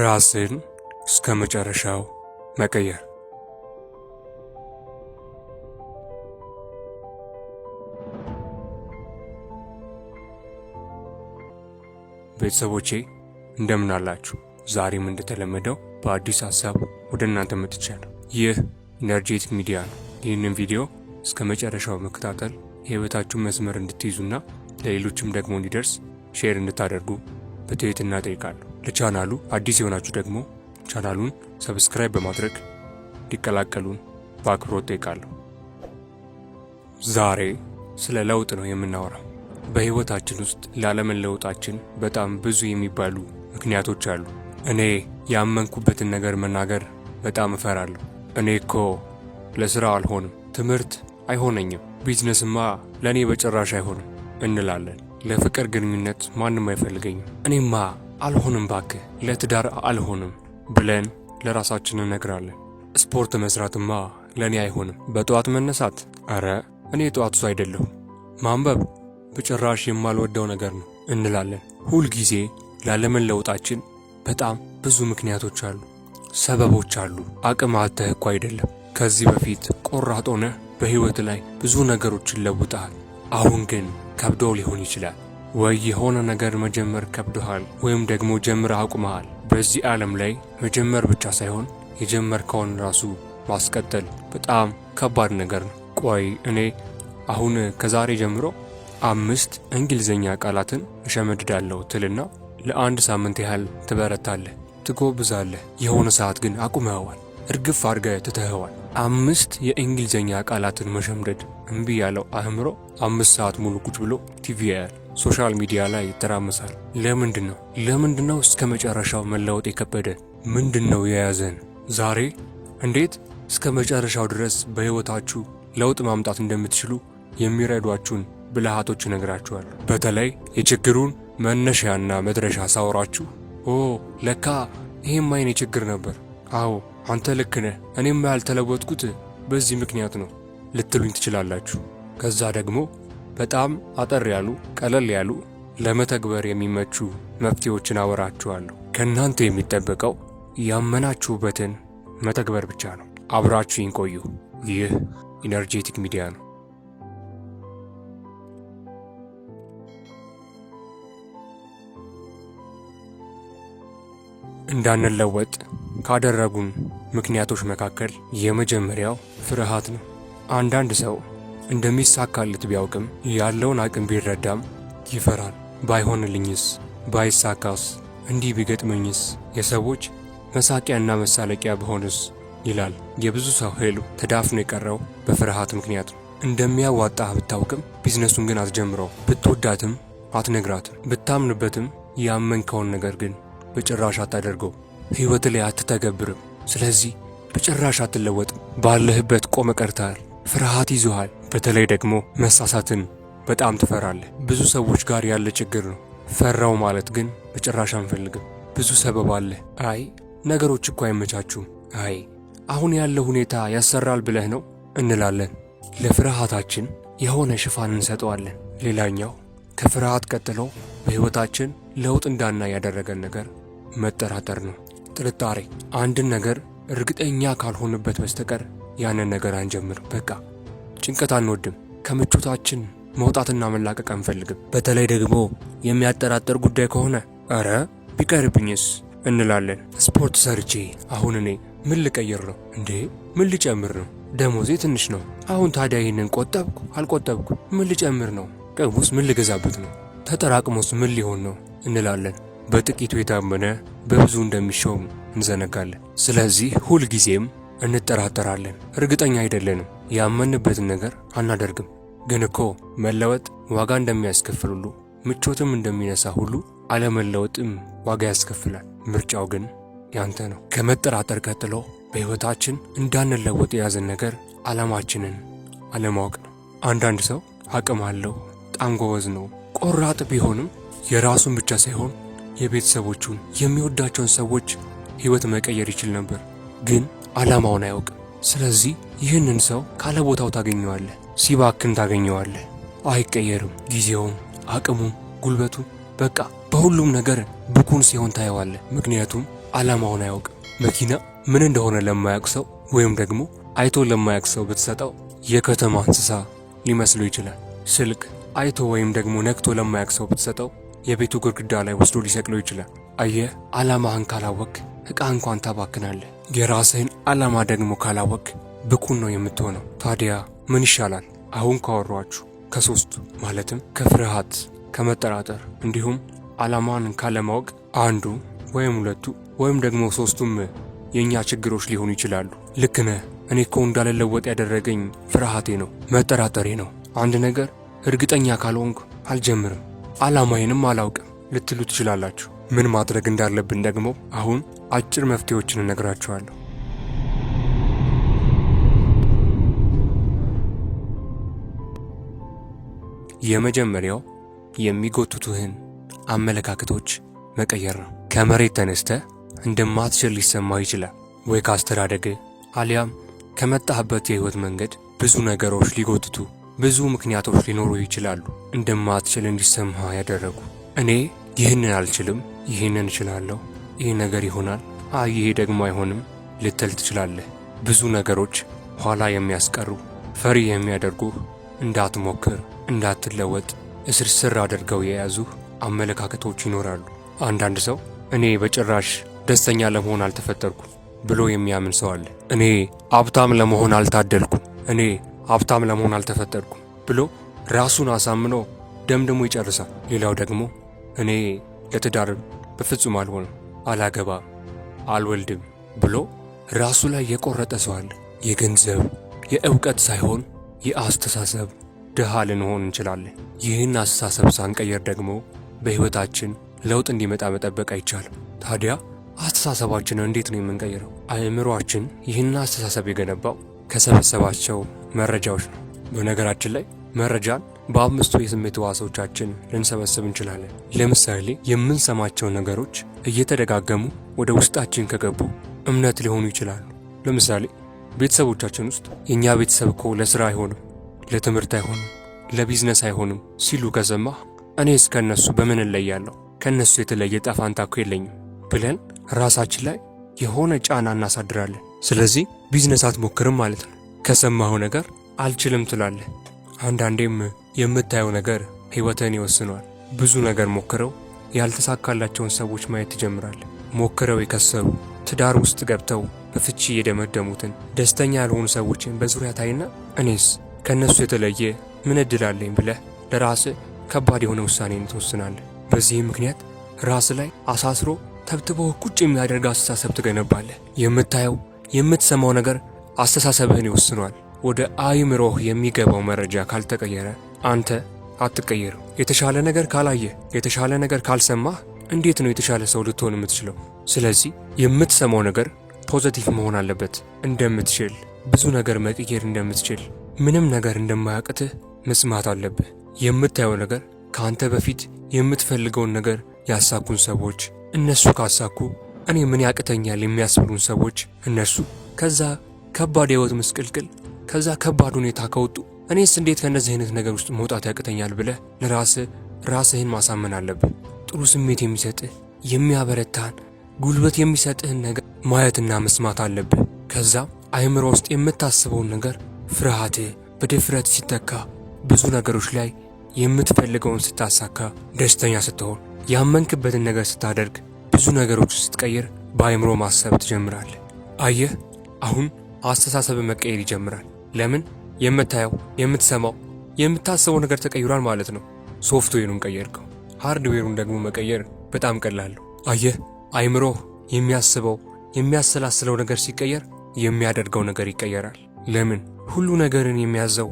ራስን እስከ መጨረሻው መቀየር ቤተሰቦቼ እንደምን አላችሁ? ዛሬም እንደተለመደው በአዲስ ሀሳብ ወደ እናንተ መጥቻለሁ። ይህ ኢነርጄቲክ ሚዲያ ነው። ይህንን ቪዲዮ እስከ መጨረሻው መከታተል የህይወታችሁን መስመር እንድትይዙና ለሌሎችም ደግሞ እንዲደርስ ሼር እንድታደርጉ በትህትና እጠይቃለሁ። ለቻናሉ አዲስ የሆናችሁ ደግሞ ቻናሉን ሰብስክራይብ በማድረግ ሊቀላቀሉን በአክብሮት ጠይቃለሁ። ዛሬ ስለ ለውጥ ነው የምናወራው። በህይወታችን ውስጥ ላለመለወጣችን በጣም ብዙ የሚባሉ ምክንያቶች አሉ። እኔ ያመንኩበትን ነገር መናገር በጣም እፈራለሁ። እኔ እኮ ለስራ አልሆንም፣ ትምህርት አይሆነኝም፣ ቢዝነስማ ለእኔ በጭራሽ አይሆንም እንላለን። ለፍቅር ግንኙነት ማንም አይፈልገኝም፣ እኔማ አልሆንም ባክ ለትዳር አልሆንም ብለን ለራሳችን እነግራለን። ስፖርት መስራትማ ለእኔ አይሆንም። በጠዋት መነሳት፣ አረ እኔ ጠዋት እሱ አይደለሁም። ማንበብ በጭራሽ የማልወደው ነገር ነው እንላለን። ሁልጊዜ ላለመለወጣችን በጣም ብዙ ምክንያቶች አሉ፣ ሰበቦች አሉ። አቅም አተህ እኮ አይደለም። ከዚህ በፊት ቆራጥ ሆነህ በሕይወት ላይ ብዙ ነገሮችን ለውጠሃል። አሁን ግን ከብዶ ሊሆን ይችላል ወይ የሆነ ነገር መጀመር ከብዶሃል ወይም ደግሞ ጀምረ አቁመሃል። በዚህ ዓለም ላይ መጀመር ብቻ ሳይሆን የጀመርከውን ራሱ ማስቀጠል በጣም ከባድ ነገር ነው። ቆይ እኔ አሁን ከዛሬ ጀምሮ አምስት እንግሊዝኛ ቃላትን እሸመድዳለሁ ትልና ለአንድ ሳምንት ያህል ትበረታለህ፣ ትጎብዛለህ። የሆነ ሰዓት ግን አቁመኸዋል፣ እርግፍ አድርገህ ትተኸዋል። አምስት የእንግሊዝኛ ቃላትን መሸምደድ እምቢ ያለው አእምሮ አምስት ሰዓት ሙሉ ቁጭ ብሎ ቲቪ ያያል። ሶሻል ሚዲያ ላይ ይተራመሳል። ለምንድን ነው ለምንድን ነው እስከ መጨረሻው መለወጥ የከበደን? ምንድን ነው የያዘን? ዛሬ እንዴት እስከ መጨረሻው ድረስ በሕይወታችሁ ለውጥ ማምጣት እንደምትችሉ የሚረዷችሁን ብልሃቶች ይነግራችኋል። በተለይ የችግሩን መነሻና መድረሻ ሳወራችሁ ኦ ለካ ይሄም አይኔ ችግር ነበር፣ አዎ አንተ ልክ ነህ፣ እኔም ያልተለወጥኩት በዚህ ምክንያት ነው ልትሉኝ ትችላላችሁ። ከዛ ደግሞ በጣም አጠር ያሉ ቀለል ያሉ ለመተግበር የሚመቹ መፍትሄዎችን አወራችኋለሁ። ከእናንተ የሚጠበቀው ያመናችሁበትን መተግበር ብቻ ነው። አብራችሁኝ ቆዩ። ይህ ኢነርጄቲክ ሚዲያ ነው። እንዳንለወጥ ካደረጉን ምክንያቶች መካከል የመጀመሪያው ፍርሃት ነው። አንዳንድ ሰው እንደሚሳካለት ቢያውቅም ያለውን አቅም ቢረዳም ይፈራል። ባይሆንልኝስ? ባይሳካስ? እንዲህ ቢገጥመኝስ? የሰዎች መሳቂያና መሳለቂያ በሆንስ? ይላል። የብዙ ሰው ሄሉ ተዳፍኖ የቀረው በፍርሃት ምክንያት ነው። እንደሚያዋጣህ ብታውቅም ቢዝነሱን ግን አትጀምረው። ብትወዳትም አትነግራትም። ብታምንበትም ያመንከውን ነገር ግን በጭራሽ አታደርገው። ሕይወት ላይ አትተገብርም። ስለዚህ በጭራሽ አትለወጥም። ባለህበት ቆመ ቀርተሃል። ፍርሃት ይዞሃል። በተለይ ደግሞ መሳሳትን በጣም ትፈራለህ። ብዙ ሰዎች ጋር ያለ ችግር ነው። ፈራው ማለት ግን በጭራሽ አንፈልግም። ብዙ ሰበብ አለ። አይ ነገሮች እኮ አይመቻችሁም አይ አሁን ያለው ሁኔታ ያሰራል ብለህ ነው እንላለን። ለፍርሃታችን የሆነ ሽፋን እንሰጠዋለን። ሌላኛው ከፍርሃት ቀጥሎ በሕይወታችን ለውጥ እንዳና ያደረገን ነገር መጠራጠር ነው። ጥርጣሬ፣ አንድን ነገር እርግጠኛ ካልሆንበት በስተቀር ያንን ነገር አንጀምርም። በቃ ጭንቀት አንወድም። ከምቾታችን መውጣትና መላቀቅ አንፈልግም። በተለይ ደግሞ የሚያጠራጥር ጉዳይ ከሆነ አረ ቢቀርብኝስ እንላለን። ስፖርት ሰርቼ አሁን እኔ ምን ልቀይር ነው እንዴ? ምን ልጨምር ነው? ደሞዜ ትንሽ ነው። አሁን ታዲያ ይህንን ቆጠብኩ አልቆጠብኩ ምን ልጨምር ነው? ቅቡስ ምን ልገዛበት ነው? ተጠራቅሞስ ምን ሊሆን ነው እንላለን። በጥቂቱ የታመነ በብዙ እንደሚሾም እንዘነጋለን። ስለዚህ ሁልጊዜም እንጠራጠራለን፣ እርግጠኛ አይደለንም፣ ያመንበትን ነገር አናደርግም። ግን እኮ መለወጥ ዋጋ እንደሚያስከፍል ሁሉ ምቾትም እንደሚነሳ ሁሉ አለመለወጥም ዋጋ ያስከፍላል። ምርጫው ግን ያንተ ነው። ከመጠራጠር ቀጥሎ በሕይወታችን እንዳንለወጥ የያዘን ነገር ዓላማችንን አለማወቅ ነው። አንዳንድ ሰው አቅም አለው፣ በጣም ጎበዝ ነው፣ ቆራጥ ቢሆንም የራሱን ብቻ ሳይሆን የቤተሰቦቹን የሚወዳቸውን ሰዎች ሕይወት መቀየር ይችል ነበር ግን ዓላማውን አያውቅም። ስለዚህ ይህንን ሰው ካለ ቦታው ታገኘዋለህ፣ ሲባክን ታገኘዋለህ። አይቀየርም። ጊዜውም፣ አቅሙም፣ ጉልበቱ በቃ በሁሉም ነገር ብኩን ሲሆን ታየዋለህ። ምክንያቱም ዓላማውን አያውቅም። መኪና ምን እንደሆነ ለማያውቅ ሰው ወይም ደግሞ አይቶ ለማያውቅ ሰው ብትሰጠው የከተማ እንስሳ ሊመስሉ ይችላል። ስልክ አይቶ ወይም ደግሞ ነክቶ ለማያውቅ ሰው ብትሰጠው የቤቱ ግድግዳ ላይ ወስዶ ሊሰቅለው ይችላል። አየህ፣ ዓላማህን ካላወቅ ዕቃ እንኳን ታባክናለህ። የራስህን ዓላማ ደግሞ ካላወቅ ብኩን ነው የምትሆነው። ታዲያ ምን ይሻላል? አሁን ካወሯችሁ ከሶስቱ ማለትም ከፍርሃት፣ ከመጠራጠር እንዲሁም ዓላማን ካለማወቅ አንዱ ወይም ሁለቱ ወይም ደግሞ ሶስቱም የእኛ ችግሮች ሊሆኑ ይችላሉ። ልክ ነህ። እኔ እኮ እንዳልለወጥ ያደረገኝ ፍርሃቴ ነው፣ መጠራጠሬ ነው። አንድ ነገር እርግጠኛ ካልሆንኩ አልጀምርም፣ ዓላማዬንም አላውቅም ልትሉ ትችላላችሁ። ምን ማድረግ እንዳለብን ደግሞ አሁን አጭር መፍትሄዎችን እነግራችኋለሁ። የመጀመሪያው የሚጎትቱህን አመለካከቶች መቀየር ነው። ከመሬት ተነስተ እንደማትችል ሊሰማ ይችላል። ወይ ካስተዳደግ አሊያም ከመጣህበት የህይወት መንገድ ብዙ ነገሮች ሊጎትቱ፣ ብዙ ምክንያቶች ሊኖሩ ይችላሉ እንደማትችል እንዲሰማ ያደረጉ። እኔ ይህንን አልችልም፣ ይህንን እችላለሁ ይህ ነገር ይሆናል፣ አይ ይሄ ደግሞ አይሆንም ልትል ትችላለህ። ብዙ ነገሮች ኋላ የሚያስቀሩ ፈሪ የሚያደርጉ እንዳትሞክር፣ እንዳትለወጥ እስርስር አድርገው የያዙ አመለካከቶች ይኖራሉ። አንዳንድ ሰው እኔ በጭራሽ ደስተኛ ለመሆን አልተፈጠርኩ ብሎ የሚያምን ሰው አለ። እኔ ሀብታም ለመሆን አልታደልኩ፣ እኔ ሀብታም ለመሆን አልተፈጠርኩ ብሎ ራሱን አሳምኖ ደምድሞ ይጨርሳል። ሌላው ደግሞ እኔ ለትዳር በፍጹም አልሆነ አላገባም፣ አልወልድም ብሎ ራሱ ላይ የቆረጠ ሰው አለ። የገንዘብ የእውቀት ሳይሆን የአስተሳሰብ ድሃ ልንሆን እንችላለን። ይህን አስተሳሰብ ሳንቀየር ደግሞ በሕይወታችን ለውጥ እንዲመጣ መጠበቅ አይቻልም። ታዲያ አስተሳሰባችን እንዴት ነው የምንቀይረው? አእምሯችን ይህን አስተሳሰብ የገነባው ከሰበሰባቸው መረጃዎች ነው። በነገራችን ላይ መረጃን በአምስቱ የስሜት ዋሳዎቻችን ልንሰበስብ እንችላለን። ለምሳሌ የምንሰማቸው ነገሮች እየተደጋገሙ ወደ ውስጣችን ከገቡ እምነት ሊሆኑ ይችላሉ። ለምሳሌ ቤተሰቦቻችን ውስጥ የእኛ ቤተሰብ እኮ ለስራ አይሆንም፣ ለትምህርት አይሆንም፣ ለቢዝነስ አይሆንም ሲሉ ከሰማህ እኔስ ከእነሱ በምን እለያለሁ? ከእነሱ የተለየ ጠፋንታ እኮ የለኝም ብለን ራሳችን ላይ የሆነ ጫና እናሳድራለን። ስለዚህ ቢዝነስ አትሞክርም ማለት ነው። ከሰማኸው ነገር አልችልም ትላለህ። አንዳንዴም የምታየው ነገር ህይወትን ይወስኗል። ብዙ ነገር ሞክረው ያልተሳካላቸውን ሰዎች ማየት ትጀምራል። ሞክረው የከሰሩ ትዳር ውስጥ ገብተው በፍቺ የደመደሙትን ደስተኛ ያልሆኑ ሰዎችን በዙሪያ ታይና እኔስ ከእነሱ የተለየ ምን እድል አለኝ ብለህ ለራስ ከባድ የሆነ ውሳኔን ትወስናለህ። በዚህ ምክንያት ራስ ላይ አሳስሮ ተብትቦ ቁጭ የሚያደርግ አስተሳሰብ ትገነባለህ። የምታየው የምትሰማው ነገር አስተሳሰብህን ይወስኗል። ወደ አይምሮህ የሚገባው መረጃ ካልተቀየረ አንተ አትቀየርም። የተሻለ ነገር ካላየህ፣ የተሻለ ነገር ካልሰማህ እንዴት ነው የተሻለ ሰው ልትሆን የምትችለው? ስለዚህ የምትሰማው ነገር ፖዘቲቭ መሆን አለበት። እንደምትችል፣ ብዙ ነገር መቀየር እንደምትችል፣ ምንም ነገር እንደማያቅትህ መስማት አለብህ። የምታየው ነገር ከአንተ በፊት የምትፈልገውን ነገር ያሳኩን ሰዎች እነሱ ካሳኩ እኔ ምን ያቅተኛል የሚያስብሉን ሰዎች እነሱ ከዛ ከባድ የህይወት ምስቅልቅል ከዛ ከባድ ሁኔታ ከወጡ እኔስ እንዴት ከእነዚህ አይነት ነገር ውስጥ መውጣት ያቅተኛል ብለህ ለራስ ራስህን ማሳመን አለብህ። ጥሩ ስሜት የሚሰጥህ የሚያበረታህን ጉልበት የሚሰጥህን ነገር ማየትና መስማት አለብህ። ከዛ አይምሮ ውስጥ የምታስበውን ነገር ፍርሃትህ በድፍረት ሲተካ ብዙ ነገሮች ላይ የምትፈልገውን ስታሳካ፣ ደስተኛ ስትሆን፣ ያመንክበትን ነገር ስታደርግ፣ ብዙ ነገሮች ስትቀይር በአይምሮ ማሰብ ትጀምራለህ። አየህ፣ አሁን አስተሳሰብ መቀየር ይጀምራል። ለምን የምታየው የምትሰማው የምታስበው ነገር ተቀይሯል ማለት ነው። ሶፍትዌሩን ቀየርከው። ሃርድዌሩን ደግሞ መቀየር በጣም ቀላል ነው። አየህ አይምሮህ የሚያስበው የሚያሰላስለው ነገር ሲቀየር የሚያደርገው ነገር ይቀየራል። ለምን ሁሉ ነገርን የሚያዘው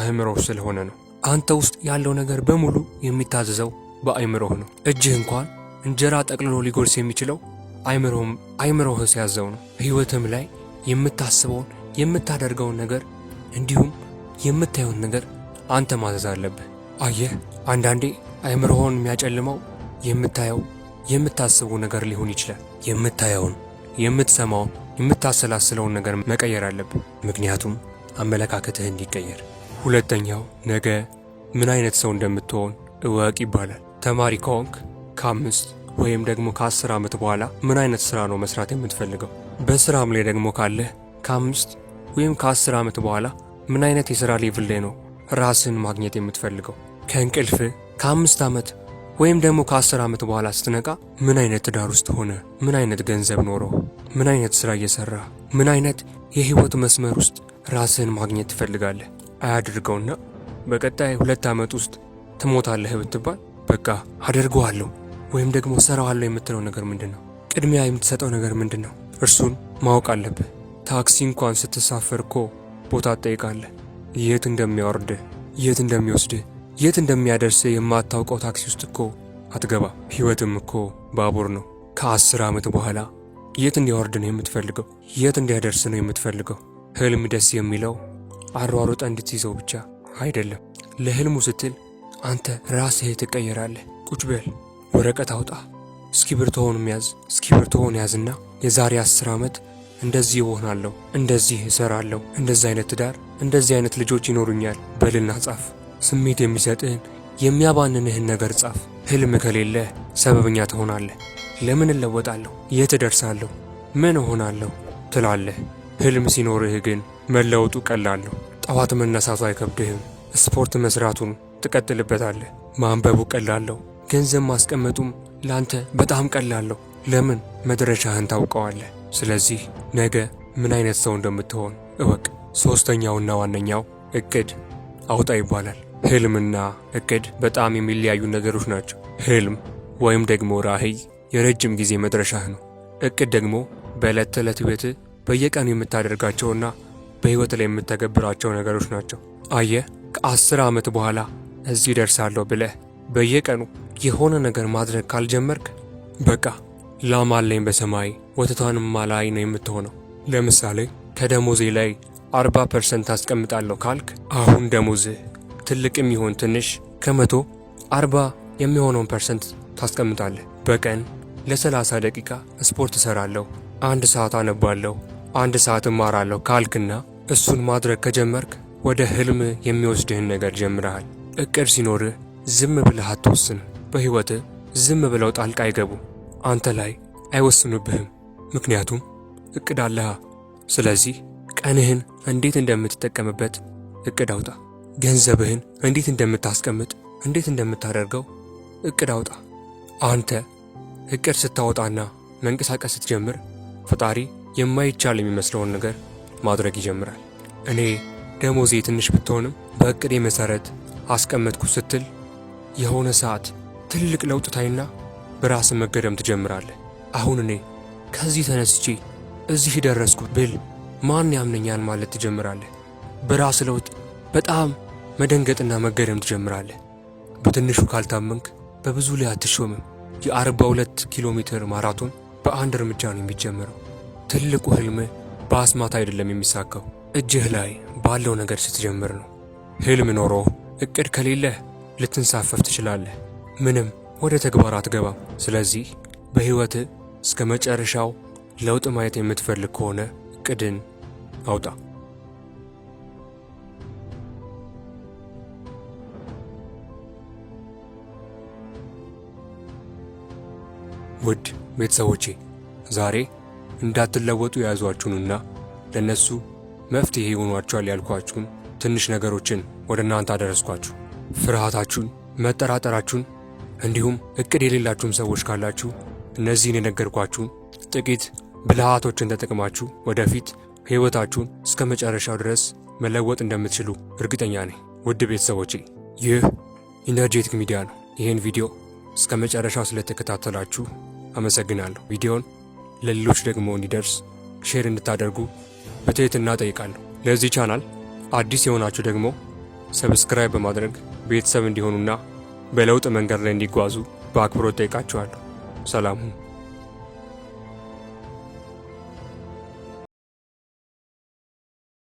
አእምሮህ ስለሆነ ነው። አንተ ውስጥ ያለው ነገር በሙሉ የሚታዘዘው በአይምሮህ ነው። እጅህ እንኳን እንጀራ ጠቅልሎ ሊጎርስ የሚችለው አይምሮህ ሲያዘው ነው። ህይወትም ላይ የምታስበውን የምታደርገውን ነገር እንዲሁም የምታየውን ነገር አንተ ማዘዝ አለብህ። አየህ አንዳንዴ አእምሮህን የሚያጨልመው የምታየው የምታስቡ ነገር ሊሆን ይችላል። የምታየውን፣ የምትሰማውን፣ የምታሰላስለውን ነገር መቀየር አለብህ። ምክንያቱም አመለካከትህ እንዲቀየር። ሁለተኛው ነገ ምን አይነት ሰው እንደምትሆን እወቅ ይባላል። ተማሪ ከሆንክ ከአምስት ወይም ደግሞ ከአስር ዓመት በኋላ ምን አይነት ስራ ነው መስራት የምትፈልገው? በስራም ላይ ደግሞ ካለህ ከአምስት ወይም ከአስር ዓመት በኋላ ምን አይነት የሥራ ሌቭል ላይ ነው ራስን ማግኘት የምትፈልገው? ከእንቅልፍ ከአምስት ዓመት ወይም ደግሞ ከአስር ዓመት በኋላ ስትነቃ ምን አይነት ትዳር ውስጥ ሆነ፣ ምን አይነት ገንዘብ ኖሮ፣ ምን አይነት ሥራ እየሠራ፣ ምን አይነት የሕይወት መስመር ውስጥ ራስህን ማግኘት ትፈልጋለህ? አያድርገውና በቀጣይ ሁለት ዓመት ውስጥ ትሞታለህ ብትባል በቃ አደርገዋለሁ ወይም ደግሞ እሰራዋለሁ የምትለው ነገር ምንድን ነው? ቅድሚያ የምትሰጠው ነገር ምንድን ነው? እርሱን ማወቅ አለብህ። ታክሲ እንኳን ስትሳፈር እኮ ቦታ ትጠይቃለህ። የት እንደሚያወርድ የት እንደሚወስድ የት እንደሚያደርስ የማታውቀው ታክሲ ውስጥ እኮ አትገባ። ህይወትም እኮ ባቡር ነው። ከአስር ዓመት በኋላ የት እንዲያወርድ ነው የምትፈልገው? የት እንዲያደርስ ነው የምትፈልገው? ህልም ደስ የሚለው አሯሯጠ እንድትይዘው ብቻ አይደለም። ለህልሙ ስትል አንተ ራስህ ትቀየራለህ። ቁጭ በል፣ ወረቀት አውጣ፣ እስኪብርቶውን ያዝ። እስኪብርቶውን ያዝና የዛሬ አስር ዓመት እንደዚህ እሆናለሁ፣ እንደዚህ እሰራለሁ፣ እንደዚህ አይነት ትዳር፣ እንደዚህ አይነት ልጆች ይኖሩኛል በልና ጻፍ። ስሜት የሚሰጥህን የሚያባንንህን ነገር ጻፍ። ህልም ከሌለህ ሰበብኛ ትሆናለህ። ለምን እለወጣለሁ? የት እደርሳለሁ? ምን እሆናለሁ? ትላለህ። ህልም ሲኖርህ ግን መለወጡ ቀላል ነው። ጠዋት መነሳቱ አይከብድህም። ስፖርት መስራቱን ትቀጥልበታለህ። ማንበቡ ቀላለሁ። ገንዘብ ማስቀመጡም ላንተ በጣም ቀላለሁ። ለምን? መድረሻህን ታውቀዋለህ። ስለዚህ ነገ ምን አይነት ሰው እንደምትሆን እወቅ። ሶስተኛውና ዋነኛው እቅድ አውጣ ይባላል። ህልምና እቅድ በጣም የሚለያዩ ነገሮች ናቸው። ህልም ወይም ደግሞ ራህይ የረጅም ጊዜ መድረሻህ ነው። እቅድ ደግሞ በዕለት ተዕለት ቤት በየቀኑ የምታደርጋቸውና በህይወት ላይ የምተገብራቸው ነገሮች ናቸው። አየህ ከአስር ዓመት በኋላ እዚህ ደርሳለሁ ብለህ በየቀኑ የሆነ ነገር ማድረግ ካልጀመርክ በቃ ላም አለኝ በሰማይ ወተቷንም አላይ ነው የምትሆነው። ለምሳሌ ከደሞዜ ላይ 40 ፐርሰንት አስቀምጣለሁ ካልክ አሁን ደሞዝህ ትልቅም ይሆን ትንሽ ከመቶ 40 የሚሆነውን ፐርሰንት ታስቀምጣለህ። በቀን ለ30 ደቂቃ ስፖርት እሰራለሁ፣ አንድ ሰዓት አነባለሁ፣ አንድ ሰዓት እማራለሁ ካልክና እሱን ማድረግ ከጀመርክ ወደ ህልም የሚወስድህን ነገር ጀምረሃል። እቅድ ሲኖርህ ዝም ብለህ አትወስን። በሕይወትህ ዝም ብለው ጣልቃ አይገቡም። አንተ ላይ አይወስኑብህም። ምክንያቱም እቅድ አለሃ። ስለዚህ ቀንህን እንዴት እንደምትጠቀምበት እቅድ አውጣ። ገንዘብህን እንዴት እንደምታስቀምጥ፣ እንዴት እንደምታደርገው እቅድ አውጣ። አንተ እቅድ ስታወጣና መንቀሳቀስ ስትጀምር ፈጣሪ የማይቻል የሚመስለውን ነገር ማድረግ ይጀምራል። እኔ ደሞዜ ትንሽ ብትሆንም በእቅዴ መሠረት አስቀመጥኩ ስትል የሆነ ሰዓት ትልቅ ለውጥ ታይና በራስ መገደም ትጀምራለህ። አሁን እኔ ከዚህ ተነስቼ እዚህ ደረስኩ ብል ማን ያምነኛል ማለት ትጀምራለህ። በራስ ለውጥ በጣም መደንገጥና መገደም ትጀምራለህ። በትንሹ ካልታመንክ በብዙ ላይ አትሾምም። የ42 ኪሎ ሜትር ማራቶን በአንድ እርምጃ ነው የሚጀምረው። ትልቁ ህልም በአስማት አይደለም የሚሳካው እጅህ ላይ ባለው ነገር ስትጀምር ነው። ህልም ኖሮ እቅድ ከሌለህ ልትንሳፈፍ ትችላለህ። ምንም ወደ ተግባር አትገባም። ስለዚህ በህይወት እስከ መጨረሻው ለውጥ ማየት የምትፈልግ ከሆነ እቅድን አውጣ። ውድ ቤተሰቦቼ ዛሬ እንዳትለወጡ የያዟችሁንና ለእነሱ መፍትሄ ይሆኗቸዋል ያልኳችሁን ትንሽ ነገሮችን ወደ እናንተ አደረስኳችሁ። ፍርሃታችሁን፣ መጠራጠራችሁን እንዲሁም እቅድ የሌላችሁም ሰዎች ካላችሁ እነዚህን የነገርኳችሁን ጥቂት ብልሃቶችን ተጠቅማችሁ ወደፊት ሕይወታችሁን እስከ መጨረሻው ድረስ መለወጥ እንደምትችሉ እርግጠኛ ነኝ። ውድ ቤተሰቦቼ ይህ ኢነርጄቲክ ሚዲያ ነው። ይህን ቪዲዮ እስከ መጨረሻው ስለተከታተላችሁ አመሰግናለሁ። ቪዲዮን ለሌሎች ደግሞ እንዲደርስ ሼር እንድታደርጉ በትህትና ጠይቃለሁ። ለዚህ ቻናል አዲስ የሆናችሁ ደግሞ ሰብስክራይብ በማድረግ ቤተሰብ እንዲሆኑና በለውጥ መንገድ ላይ እንዲጓዙ በአክብሮት ጠይቃችኋለሁ። ሰላም